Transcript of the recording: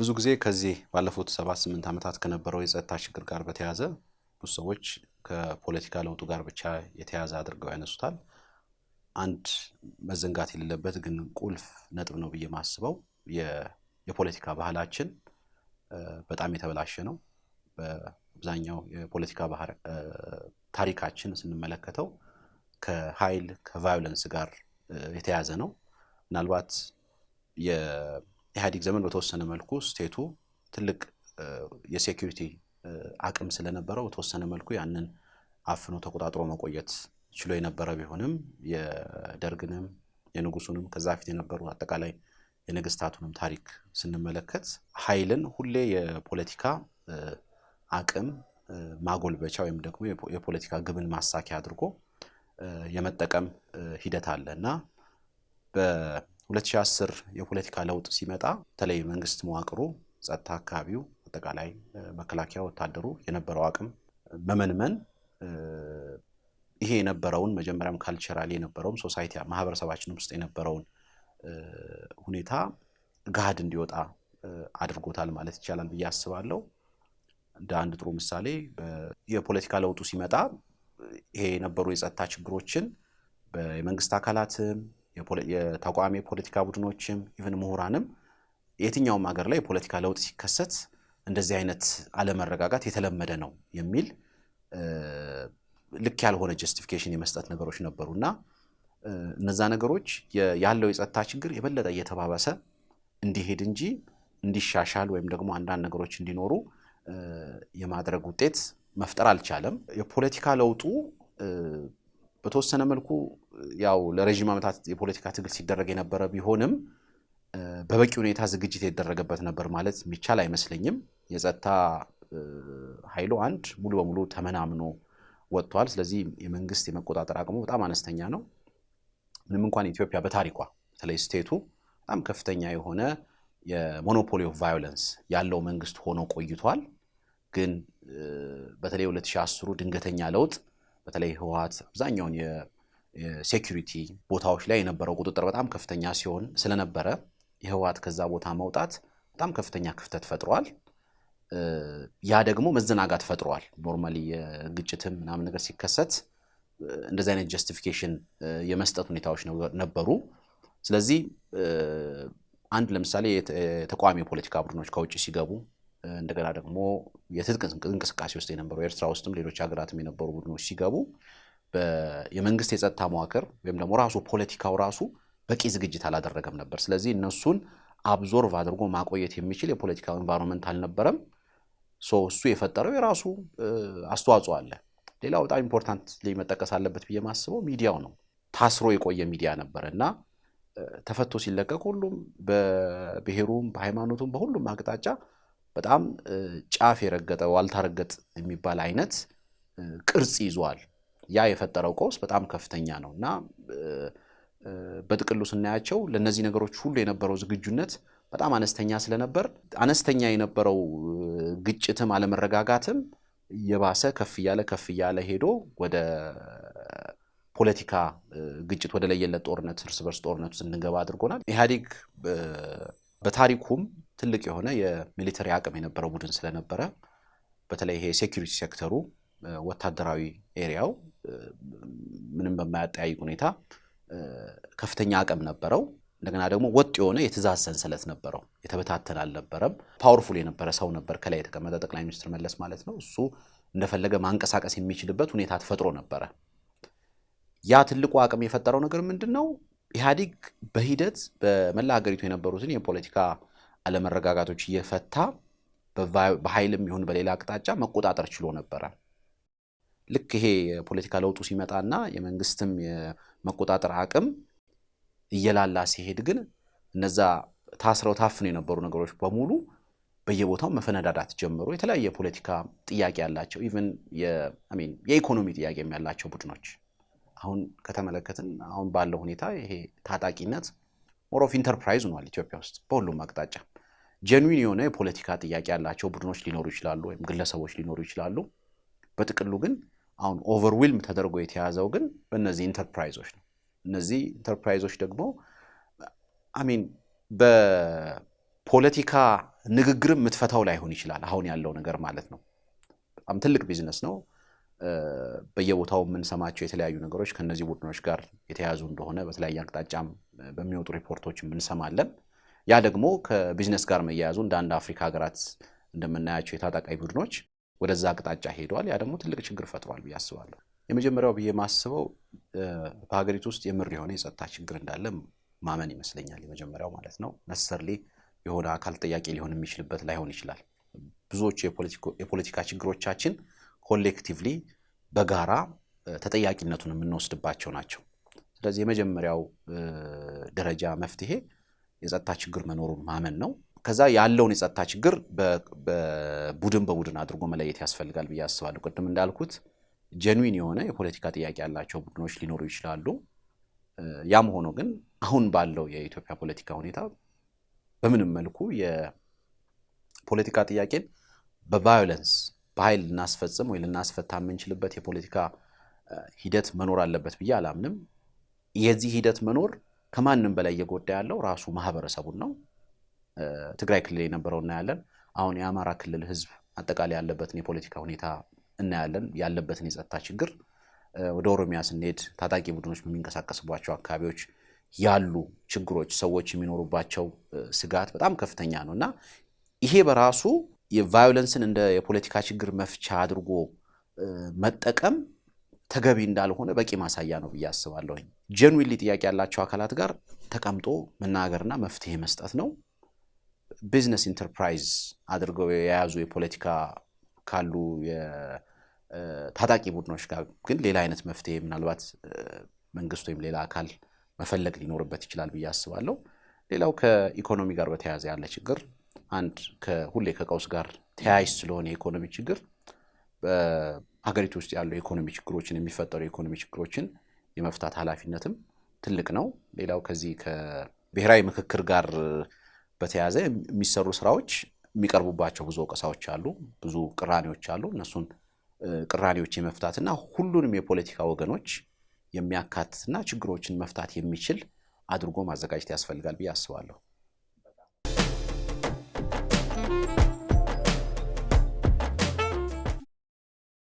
ብዙ ጊዜ ከዚህ ባለፉት ሰባት ስምንት ዓመታት ከነበረው የጸጥታ ችግር ጋር በተያያዘ ብዙ ሰዎች ከፖለቲካ ለውጡ ጋር ብቻ የተያዘ አድርገው ያነሱታል። አንድ መዘንጋት የሌለበት ግን ቁልፍ ነጥብ ነው ብዬ ማስበው የፖለቲካ ባህላችን በጣም የተበላሸ ነው። በአብዛኛው የፖለቲካ ታሪካችን ስንመለከተው ከኃይል ከቫዮለንስ ጋር የተያዘ ነው። ምናልባት ኢህአዴግ ዘመን በተወሰነ መልኩ ስቴቱ ትልቅ የሴኪሪቲ አቅም ስለነበረው በተወሰነ መልኩ ያንን አፍኖ ተቆጣጥሮ መቆየት ችሎ የነበረ ቢሆንም የደርግንም የንጉሱንም ከዛ ፊት የነበሩ አጠቃላይ የነገስታቱንም ታሪክ ስንመለከት ኃይልን ሁሌ የፖለቲካ አቅም ማጎልበቻ ወይም ደግሞ የፖለቲካ ግብን ማሳኪያ አድርጎ የመጠቀም ሂደት አለ እና 2010 የፖለቲካ ለውጥ ሲመጣ በተለይ መንግስት መዋቅሩ ጸጥታ አካባቢው አጠቃላይ መከላከያ ወታደሩ የነበረው አቅም መመንመን ይሄ የነበረውን መጀመሪያም ካልቸራል የነበረውም ሶሳይቲ ማህበረሰባችንም ውስጥ የነበረውን ሁኔታ ገሃድ እንዲወጣ አድርጎታል ማለት ይቻላል ብዬ አስባለሁ። እንደ አንድ ጥሩ ምሳሌ የፖለቲካ ለውጡ ሲመጣ ይሄ የነበሩ የጸጥታ ችግሮችን የመንግስት አካላትም የተቋሚ የፖለቲካ ቡድኖችም ኢቨን ምሁራንም የትኛውም ሀገር ላይ የፖለቲካ ለውጥ ሲከሰት እንደዚህ አይነት አለመረጋጋት የተለመደ ነው የሚል ልክ ያልሆነ ጀስቲፊኬሽን የመስጠት ነገሮች ነበሩ እና እነዛ ነገሮች ያለው የጸጥታ ችግር የበለጠ እየተባባሰ እንዲሄድ እንጂ እንዲሻሻል ወይም ደግሞ አንዳንድ ነገሮች እንዲኖሩ የማድረግ ውጤት መፍጠር አልቻለም። የፖለቲካ ለውጡ በተወሰነ መልኩ ያው ለረዥም ዓመታት የፖለቲካ ትግል ሲደረግ የነበረ ቢሆንም በበቂ ሁኔታ ዝግጅት የተደረገበት ነበር ማለት የሚቻል አይመስለኝም። የጸጥታ ኃይሉ አንድ ሙሉ በሙሉ ተመናምኖ ወጥቷል። ስለዚህ የመንግስት የመቆጣጠር አቅሙ በጣም አነስተኛ ነው። ምንም እንኳን ኢትዮጵያ በታሪኳ በተለይ ስቴቱ በጣም ከፍተኛ የሆነ የሞኖፖሊ ኦፍ ቫዮለንስ ያለው መንግስት ሆኖ ቆይቷል። ግን በተለይ 2010 ድንገተኛ ለውጥ በተለይ ህወሀት አብዛኛውን ሴኩሪቲ ቦታዎች ላይ የነበረው ቁጥጥር በጣም ከፍተኛ ሲሆን ስለነበረ የህወሓት ከዛ ቦታ መውጣት በጣም ከፍተኛ ክፍተት ፈጥሯል። ያ ደግሞ መዘናጋት ፈጥሯል። ኖርማሊ የግጭትም ምናምን ነገር ሲከሰት እንደዚህ አይነት ጀስቲፊኬሽን የመስጠት ሁኔታዎች ነበሩ። ስለዚህ አንድ ለምሳሌ የተቃዋሚ የፖለቲካ ቡድኖች ከውጭ ሲገቡ እንደገና ደግሞ የትጥቅ እንቅስቃሴ ውስጥ የነበሩ ኤርትራ ውስጥም ሌሎች ሀገራትም የነበሩ ቡድኖች ሲገቡ የመንግስት የጸጥታ መዋቅር ወይም ደግሞ ራሱ ፖለቲካው ራሱ በቂ ዝግጅት አላደረገም ነበር። ስለዚህ እነሱን አብዞርቭ አድርጎ ማቆየት የሚችል የፖለቲካ ኢንቫይሮንመንት አልነበረም። እሱ የፈጠረው የራሱ አስተዋጽኦ አለ። ሌላው በጣም ኢምፖርታንት መጠቀስ አለበት ብዬ ማስበው ሚዲያው ነው። ታስሮ የቆየ ሚዲያ ነበር እና ተፈቶ ሲለቀቅ ሁሉም በብሔሩም በሃይማኖቱም በሁሉም አቅጣጫ በጣም ጫፍ የረገጠ ዋልታ ረገጥ የሚባል አይነት ቅርጽ ይዟል። ያ የፈጠረው ቀውስ በጣም ከፍተኛ ነው እና በጥቅሉ ስናያቸው ለእነዚህ ነገሮች ሁሉ የነበረው ዝግጁነት በጣም አነስተኛ ስለነበር አነስተኛ የነበረው ግጭትም አለመረጋጋትም የባሰ ከፍ እያለ ከፍ እያለ ሄዶ ወደ ፖለቲካ ግጭት ወደ ለየለት ጦርነት እርስ በርስ ጦርነቱ እንገባ አድርጎናል። ኢህአዴግ በታሪኩም ትልቅ የሆነ የሚሊተሪ አቅም የነበረው ቡድን ስለነበረ በተለይ ይሄ ሴኪሪቲ ሴክተሩ ወታደራዊ ኤሪያው ምንም በማያጠያይቅ ሁኔታ ከፍተኛ አቅም ነበረው። እንደገና ደግሞ ወጥ የሆነ የትእዛዝ ሰንሰለት ነበረው። የተበታተን አልነበረም። ፓወርፉል የነበረ ሰው ነበር ከላይ የተቀመጠ ጠቅላይ ሚኒስትር መለስ ማለት ነው። እሱ እንደፈለገ ማንቀሳቀስ የሚችልበት ሁኔታ ተፈጥሮ ነበረ። ያ ትልቁ አቅም የፈጠረው ነገር ምንድን ነው? ኢህአዲግ በሂደት በመላ ሀገሪቱ የነበሩትን የፖለቲካ አለመረጋጋቶች እየፈታ በኃይልም ይሁን በሌላ አቅጣጫ መቆጣጠር ችሎ ነበረ። ልክ ይሄ የፖለቲካ ለውጡ ሲመጣና የመንግስትም የመቆጣጠር አቅም እየላላ ሲሄድ ግን እነዛ ታስረው ታፍነው የነበሩ ነገሮች በሙሉ በየቦታው መፈነዳዳት ጀምሮ የተለያየ የፖለቲካ ጥያቄ ያላቸው ኢቨን የኢኮኖሚ ጥያቄም ያላቸው ቡድኖች አሁን ከተመለከትን አሁን ባለው ሁኔታ ይሄ ታጣቂነት ሞር ኦፍ ኢንተርፕራይዝ ሆኗል ኢትዮጵያ ውስጥ በሁሉም አቅጣጫ። ጀንዊን የሆነ የፖለቲካ ጥያቄ ያላቸው ቡድኖች ሊኖሩ ይችላሉ፣ ወይም ግለሰቦች ሊኖሩ ይችላሉ። በጥቅሉ ግን አሁን ኦቨርዊልም ተደርጎ የተያዘው ግን በእነዚህ ኢንተርፕራይዞች ነው። እነዚህ ኢንተርፕራይዞች ደግሞ አሚን በፖለቲካ ንግግርም የምትፈታው ላይሆን ይችላል። አሁን ያለው ነገር ማለት ነው። በጣም ትልቅ ቢዝነስ ነው። በየቦታው የምንሰማቸው የተለያዩ ነገሮች ከነዚህ ቡድኖች ጋር የተያዙ እንደሆነ በተለያየ አቅጣጫም በሚወጡ ሪፖርቶች እንሰማለን። ያ ደግሞ ከቢዝነስ ጋር መያያዙ እንደ አንድ አፍሪካ ሀገራት እንደምናያቸው የታጣቃይ ቡድኖች ወደዛ አቅጣጫ ሄደዋል። ያ ደግሞ ትልቅ ችግር ፈጥሯል ብዬ አስባለሁ። የመጀመሪያው ብዬ ማስበው በሀገሪቱ ውስጥ የምር የሆነ የጸጥታ ችግር እንዳለ ማመን ይመስለኛል። የመጀመሪያው ማለት ነው ነሰርሌ የሆነ አካል ጥያቄ ሊሆን የሚችልበት ላይሆን ይችላል። ብዙዎቹ የፖለቲካ ችግሮቻችን ኮሌክቲቭሊ በጋራ ተጠያቂነቱን የምንወስድባቸው ናቸው። ስለዚህ የመጀመሪያው ደረጃ መፍትሄ የጸጥታ ችግር መኖሩን ማመን ነው። ከዛ ያለውን የጸጥታ ችግር በቡድን በቡድን አድርጎ መለየት ያስፈልጋል ብዬ አስባለሁ። ቅድም እንዳልኩት ጀንዊን የሆነ የፖለቲካ ጥያቄ ያላቸው ቡድኖች ሊኖሩ ይችላሉ። ያም ሆኖ ግን አሁን ባለው የኢትዮጵያ ፖለቲካ ሁኔታ በምንም መልኩ የፖለቲካ ጥያቄን በቫዮለንስ በኃይል ልናስፈጽም ወይ ልናስፈታ የምንችልበት የፖለቲካ ሂደት መኖር አለበት ብዬ አላምንም። የዚህ ሂደት መኖር ከማንም በላይ እየጎዳ ያለው ራሱ ማህበረሰቡን ነው። ትግራይ ክልል የነበረው እናያለን። አሁን የአማራ ክልል ህዝብ አጠቃላይ ያለበትን የፖለቲካ ሁኔታ እናያለን። ያለበትን የጸጥታ ችግር ወደ ኦሮሚያ ስንሄድ ታጣቂ ቡድኖች በሚንቀሳቀስባቸው አካባቢዎች ያሉ ችግሮች፣ ሰዎች የሚኖሩባቸው ስጋት በጣም ከፍተኛ ነው እና ይሄ በራሱ የቫዮለንስን እንደ የፖለቲካ ችግር መፍቻ አድርጎ መጠቀም ተገቢ እንዳልሆነ በቂ ማሳያ ነው ብዬ አስባለሁኝ። ጀንዊሊ ጥያቄ ያላቸው አካላት ጋር ተቀምጦ መናገርና መፍትሄ መስጠት ነው። ቢዝነስ ኢንተርፕራይዝ አድርገው የያዙ የፖለቲካ ካሉ የታጣቂ ቡድኖች ጋር ግን ሌላ አይነት መፍትሄ ምናልባት መንግስት ወይም ሌላ አካል መፈለግ ሊኖርበት ይችላል ብዬ አስባለሁ። ሌላው ከኢኮኖሚ ጋር በተያያዘ ያለ ችግር አንድ ከሁሌ ከቀውስ ጋር ተያያዥ ስለሆነ የኢኮኖሚ ችግር በሀገሪቱ ውስጥ ያሉ የኢኮኖሚ ችግሮችን የሚፈጠሩ የኢኮኖሚ ችግሮችን የመፍታት ኃላፊነትም ትልቅ ነው። ሌላው ከዚህ ከብሔራዊ ምክክር ጋር በተያያዘ የሚሰሩ ስራዎች የሚቀርቡባቸው ብዙ ወቀሳዎች አሉ፣ ብዙ ቅራኔዎች አሉ። እነሱን ቅራኔዎች የመፍታትና ሁሉንም የፖለቲካ ወገኖች የሚያካትትና ችግሮችን መፍታት የሚችል አድርጎ ማዘጋጀት ያስፈልጋል ብዬ አስባለሁ።